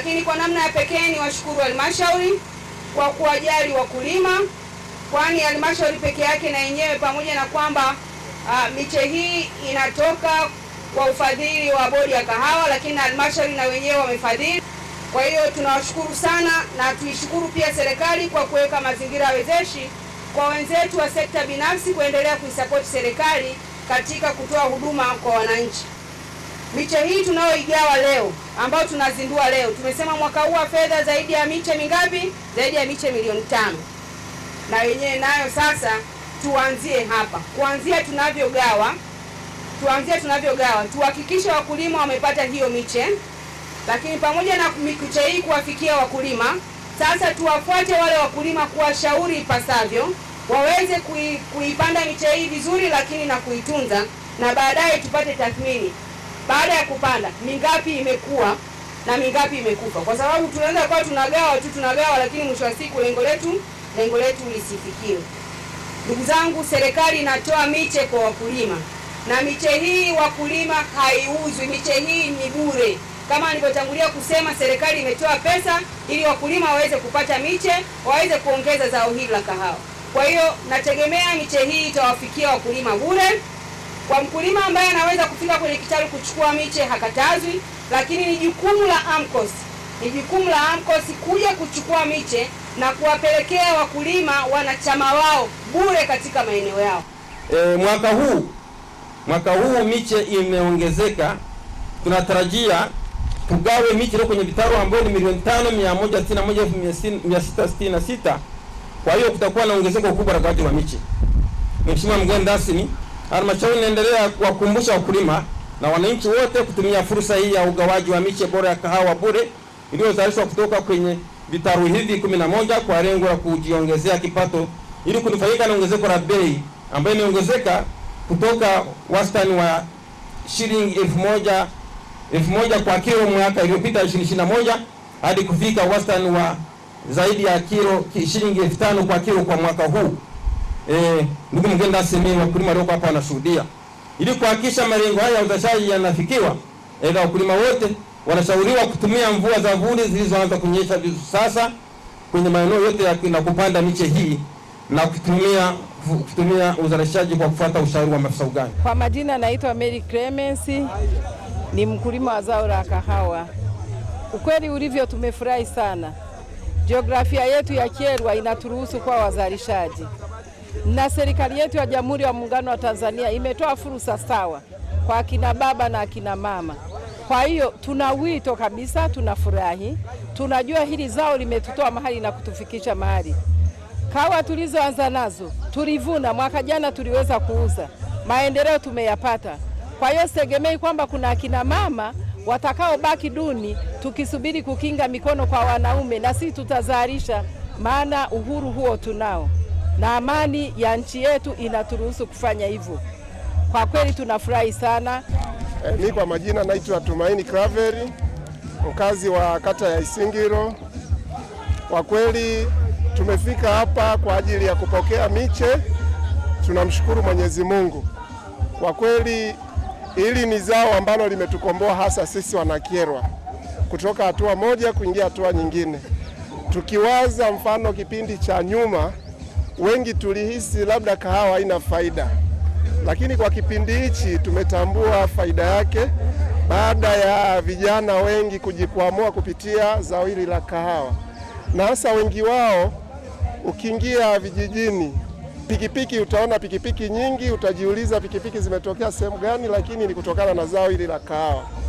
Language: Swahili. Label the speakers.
Speaker 1: Lakini kwa namna ya pekee ni washukuru halmashauri kwa kuwajali wakulima, kwani halmashauri peke yake na yenyewe pamoja na kwamba a, ah, miche hii inatoka kwa ufadhili wa bodi ya kahawa, lakini halmashauri na wenyewe wamefadhili. Kwa hiyo tunawashukuru sana na tuishukuru pia serikali kwa kuweka mazingira wezeshi kwa wenzetu wa sekta binafsi kuendelea kuisapoti serikali katika kutoa huduma kwa wananchi. Miche hii tunayoigawa leo ambayo tunazindua leo, tumesema mwaka huu wa fedha zaidi ya miche mingapi? Zaidi ya miche milioni tano, na wenyewe nayo sasa tuanzie hapa, kuanzia tunavyogawa, tuanzie tunavyogawa, tuhakikishe wakulima wamepata hiyo miche, lakini pamoja na miche hii kuwafikia wakulima, sasa tuwafuate wale wakulima, kuwashauri ipasavyo, waweze kuipanda miche hii vizuri, lakini na kuitunza, na baadaye tupate tathmini baada ya kupanda mingapi imekuwa na mingapi imekufa, kwa sababu tunaweza kuwa tunagawa tu tunagawa, lakini mwisho wa siku lengo letu lengo letu lisifikiwe. Ndugu zangu, serikali inatoa miche kwa wakulima, na miche hii wakulima haiuzwi, miche hii ni bure. Kama nilivyotangulia kusema, serikali imetoa pesa ili wakulima waweze kupata miche, waweze kuongeza zao hili la kahawa. Kwa hiyo nategemea miche hii itawafikia wakulima bure. Kwa mkulima ambaye anaweza kufika kwenye kitalu kuchukua miche hakatazwi, lakini ni jukumu la AMCOS, ni jukumu la AMCOS kuja kuchukua miche na kuwapelekea wakulima wanachama wao bure katika maeneo yao.
Speaker 2: E, mwaka huu mwaka huu miche imeongezeka, tunatarajia tugawe miche leo kwenye vitalu ambayo ni milioni tano mia moja sitini na moja elfu mia sita sitini na sita. Kwa hiyo kutakuwa na ongezeko kubwa la ugawaji wa miche. Mheshimiwa mgeni rasmi Halmashauri inaendelea kuwakumbusha wakulima na wananchi wote kutumia fursa hii ya ugawaji wa miche bora ya kahawa bure iliyozalishwa kutoka kwenye vitaru hivi 11 kwa lengo la kujiongezea kipato ili kunufaika na ongezeko la bei ambayo imeongezeka kutoka wastani wa shilingi elfu moja elfu moja kwa kilo mwaka iliyopita 2021 hadi kufika wastani wa zaidi ya kilo shilingi elfu tano kwa kilo kwa mwaka huu eh, ndugu mgeni rasmi, wakulima walioko hapa wanashuhudia, ili kuhakikisha malengo haya ya uzalishaji yanafikiwa. Aidha, wakulima wote wanashauriwa kutumia mvua za vuli zilizoanza kunyesha sasa kwenye maeneo yote na kupanda miche hii na kutumia kutumia uzalishaji kwa kufuata ushauri wa maafisa ugani.
Speaker 1: Kwa majina naitwa Mary Clemens, ni mkulima wa zao la kahawa. Ukweli ulivyo, tumefurahi sana. Jiografia yetu ya Kyerwa inaturuhusu kwa wazalishaji na serikali yetu ya Jamhuri ya Muungano wa Tanzania imetoa fursa sawa kwa akina baba na akina mama. Kwa hiyo tuna wito kabisa, tunafurahi, tunajua hili zao limetutoa mahali na kutufikisha mahali. Kawa tulizoanza nazo tulivuna, mwaka jana tuliweza kuuza, maendeleo tumeyapata. Kwa hiyo sitegemei kwamba kuna akina mama watakaobaki duni tukisubiri kukinga mikono kwa wanaume, na sisi tutazalisha, maana uhuru huo tunao na amani ya nchi yetu inaturuhusu kufanya hivyo. Kwa kweli tunafurahi sana.
Speaker 3: E, mi kwa majina naitwa Tumaini Kraveri, mkazi wa kata ya Isingiro. Kwa kweli tumefika hapa kwa ajili ya kupokea miche. Tunamshukuru Mwenyezi Mungu kwa kweli, hili ni zao ambalo limetukomboa hasa sisi Wanakyerwa kutoka hatua moja kuingia hatua nyingine. Tukiwaza mfano kipindi cha nyuma wengi tulihisi labda kahawa haina faida, lakini kwa kipindi hichi tumetambua faida yake baada ya vijana wengi kujikwamua kupitia zao hili la kahawa, na hasa wengi wao ukiingia vijijini pikipiki utaona pikipiki nyingi, utajiuliza pikipiki zimetokea sehemu gani, lakini ni kutokana na zao hili la kahawa.